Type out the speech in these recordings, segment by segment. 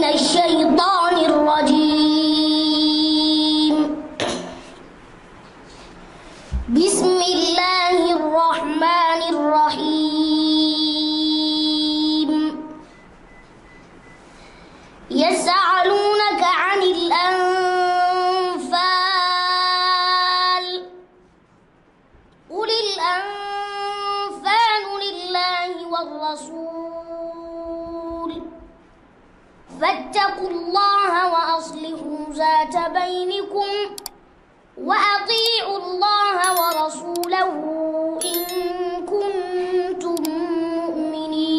من الشيطان الرجيم بسم الله الرحمن الرحيم يسألونك عن الأنفال قل الأنفال لله والرسول فاتقوا الله وأصلحوا ذات بينكم وأطيعوا الله ورسوله إن كنتم مؤمنين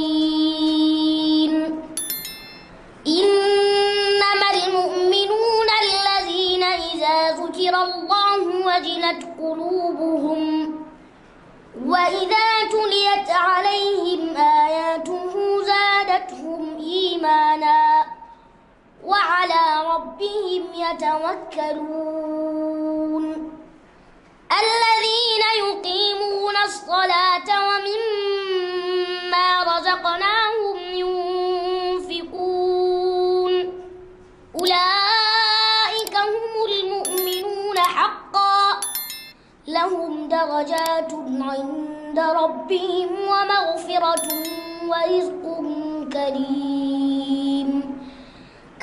إنما المؤمنون الذين إذا ذكر الله وجلت قلوبهم ربهم يتوكلون الذين يقيمون الصلاة ومما رزقناهم ينفقون أولئك هم المؤمنون حقا لهم درجات عند ربهم ومغفرة ورزق كريم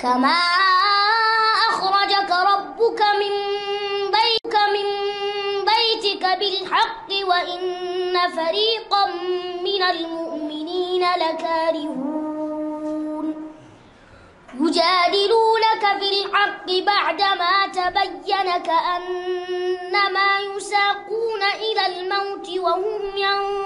كما ربك من بيتك من بيتك بالحق وإن فريقا من المؤمنين لكارهون يجادلونك في الحق بعدما تبين كأنما يساقون إلى الموت وهم ينظرون